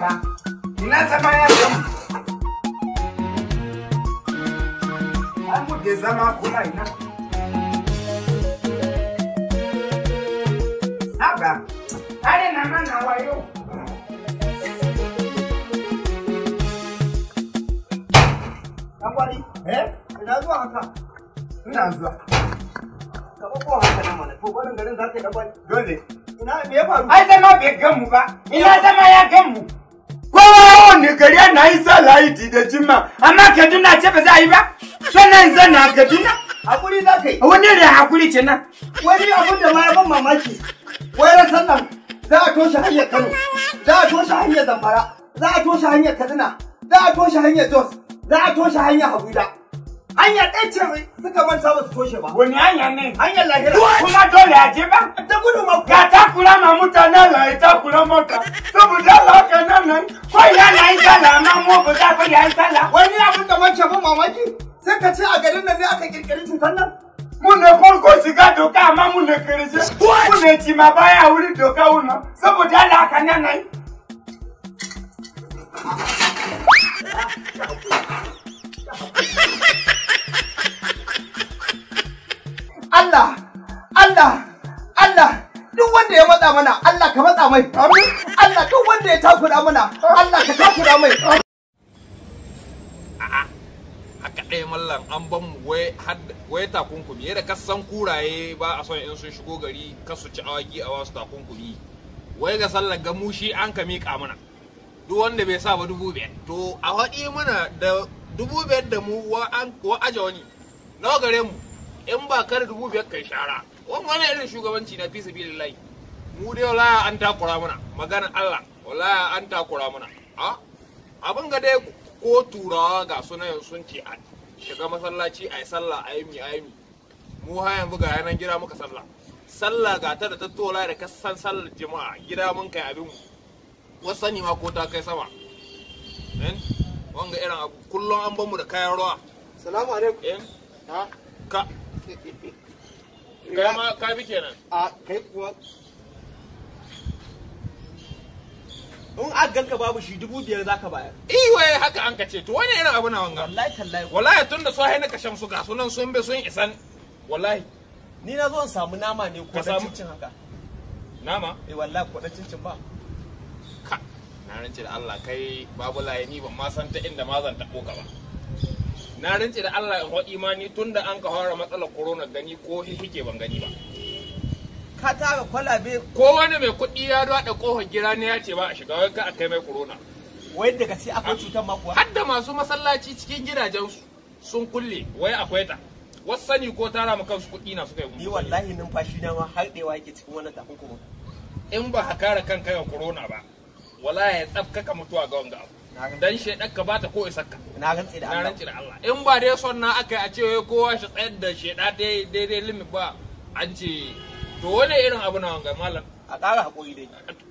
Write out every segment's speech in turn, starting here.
manta na zama ya zama zama ina haba na mana wayo Ina zuwa haka? Ina zuwa. ko haka na mana, to barin garin za yi Dole. Ina me ya faru? Ai zama bai gan mu ba. Ina zama ya gan mu. kowane gari ana yi sa lahidi da jima amma kaduna ce ba za a yi ba na sannan zan na kaduna hakuri za ka yi wani ne hakuri ce nan wani abin da ma ya ban mamaki wai rasan nan za a toshe hanyar kano za a toshe hanyar zamfara za a toshe hanyar kaduna za a toshe hanyar jos za a toshe hanyar abuja hanyar ɗaya ce suka manta ba su toshe ba. Wani hanya ne? Hanyar lahira. Kuma dole a je ba? Ta gudu ma. Ga kula ma mutanen lahira kula mota Saboda haka nan nan yayi sallah nan mu ku za ku yayi sallah wani abin da mace ba mamaki sai ka ce a garin nan ne aka kirkiri cutar nan mu ne farko shiga doka amma mu ne karshe mu ne ci ma baya wuri doka wannan saboda Allah haka nan nan ka matsa mai Allah duk wanda ya takura mana Allah ka takura mai haka ɗaya mallan an ban mu waya takunkumi yadda ka san kuraye ba a son in sun shigo gari su ci awaki a wasu takunkumi wai ga sallar gamu shi an ka miƙa mana duk wanda bai sa ba dubu biyar to a haɗi mana da dubu biyar da mu wa aje wani nawa gare mu in ba kar dubu biyar kai shara wannan irin shugabanci na fi sabilillahi mu dai wallahi an takura mana magana Allah wallahi an takura mana a abin ga dai ko turawa ga sunayen sun ce a shiga masallaci a yi sallah a yi mi a mi mu ha yanzu ga yanan gida muka sallah sallah ga ta da tattola da kasan sallar jama'a gida mun kai abin mu wasu sani ma ko ta kai sama eh? wanga irin abu kullum an bamu da kayan ruwa salamu alaikum eh? ka ka bi kenan a kai kuwa in a ka babu shi dubu biyar zaka bayar iwe haka an kace to wani irin abu na wanga wallahi tallahi wallahi tun da sahi na shan su ga sunan sun be sun isan wallahi ni na zo in samu nama ne ko da cincin haka nama eh wallahi ko da cincin ba ka na rinci da Allah kai babu laye ni ban ma san ta inda ma zan tabo ka ba na rinci da Allah ya ho imani tunda an ka fara matsalar corona gani ko hihike ban gani ba ka tara kwalabe ko wani mai kuɗi ya da kohon gira ne ya ce ba a shiga wai ka a kai mai corona wai daga sai akwai cutar makuwa har da masu masallaci cikin gidajen sun kulle wai akwai ta wasu sani ko tara ma kansu kuɗi na suka yi ni wallahi numfashi na ma har ɗewa yake cikin wannan takunkumin in ba ka kare kanka ga corona ba wala ya tsabkaka mutuwa ga wanga abu dan shedar ka bata ko isakka na rantsi da Allah na rantsi da Allah in ba dai son na akai a ce kowa shi tsayar da sheda daidai limit ba an ce to wani irin abu na wanga malam a ƙara haƙuri dai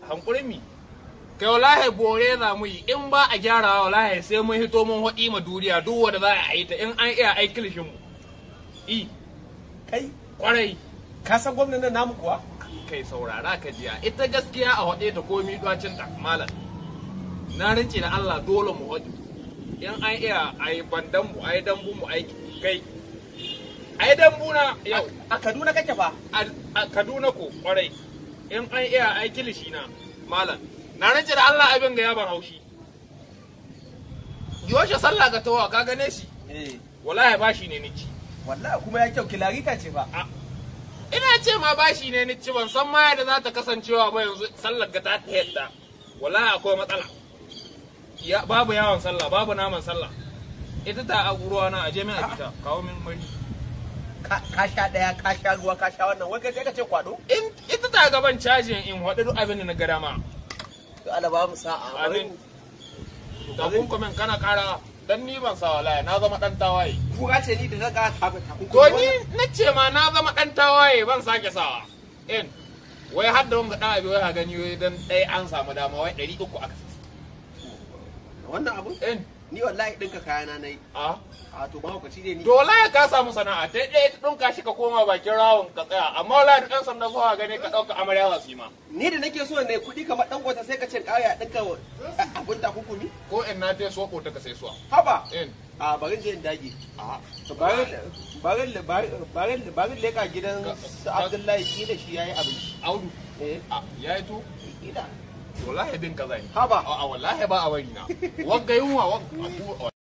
hankuri mi kai wallahi bore za mu yi in ba a gyara wa. wallahi sai mun hito mun haɗi ma duniya duk wanda za a yi ta in an iya aikin shi mu i kai kwarai ka san gwamnatin namu kuwa kai saurara ka jiya ita gaskiya a haɗe ta komi ɗacin ta malam na rinci da Allah dole mu haɗu in an iya a yi bandan mu a yi dambu mu aiki. kai a yi buna yau a Kaduna kake fa a Kaduna ko kwarai in an iya ai kilishi na malam na rance da Allah abin ga yaban haushi yoshe sallah ga tawa ka gane shi eh wallahi bashi ne ni ci wallahi kuma ya kyau kilarita ce ba. ina ce ma bashi ne ni ci ban san ma yadda za ta kasancewa ba yanzu sallar ga ta ta yadda wallahi akwai matsala babu yawon sallah babu naman sallah ita ta a na a je min a kawo min mari ka sha daya ka sha ruwa ka sha wannan wai kai sai ka ce kwado in ita ta gaban cajin in hadu duk abin da na gada ma to Allah ba mu sa'a amin takunkumin kana kara dan ni ban sa wallahi na zama dan tawaye ku ga ce ni da zaka ka ko ni na ce ma na zama dan tawaye ban sake sawa in wai har da wanga da abi wai ha gani wai dan dai an samu dama wai 300 aka wannan abu in ni wallahi dinka kayana nayi a a to ba hukaci ne ni to wallahi ka samu sana'a dai-dai ta dinka shi ka koma bakin rawon ka tsaya amma wallahi da ɗan sanda zuwa gane ka ɗauka amarya za su ma ni da nake so ne kudi kamar ɗan gwata sai ka ce ƙauya dinka abun ta hukumi ko in na ta so ko ta ka sai suwa haba a barin je in dage barin barin barin leka gidan su abdullahi kila shi yayi abinci audu eh A, yayi to kila wallahi bin kaza ne haba a wallahi ba a wani na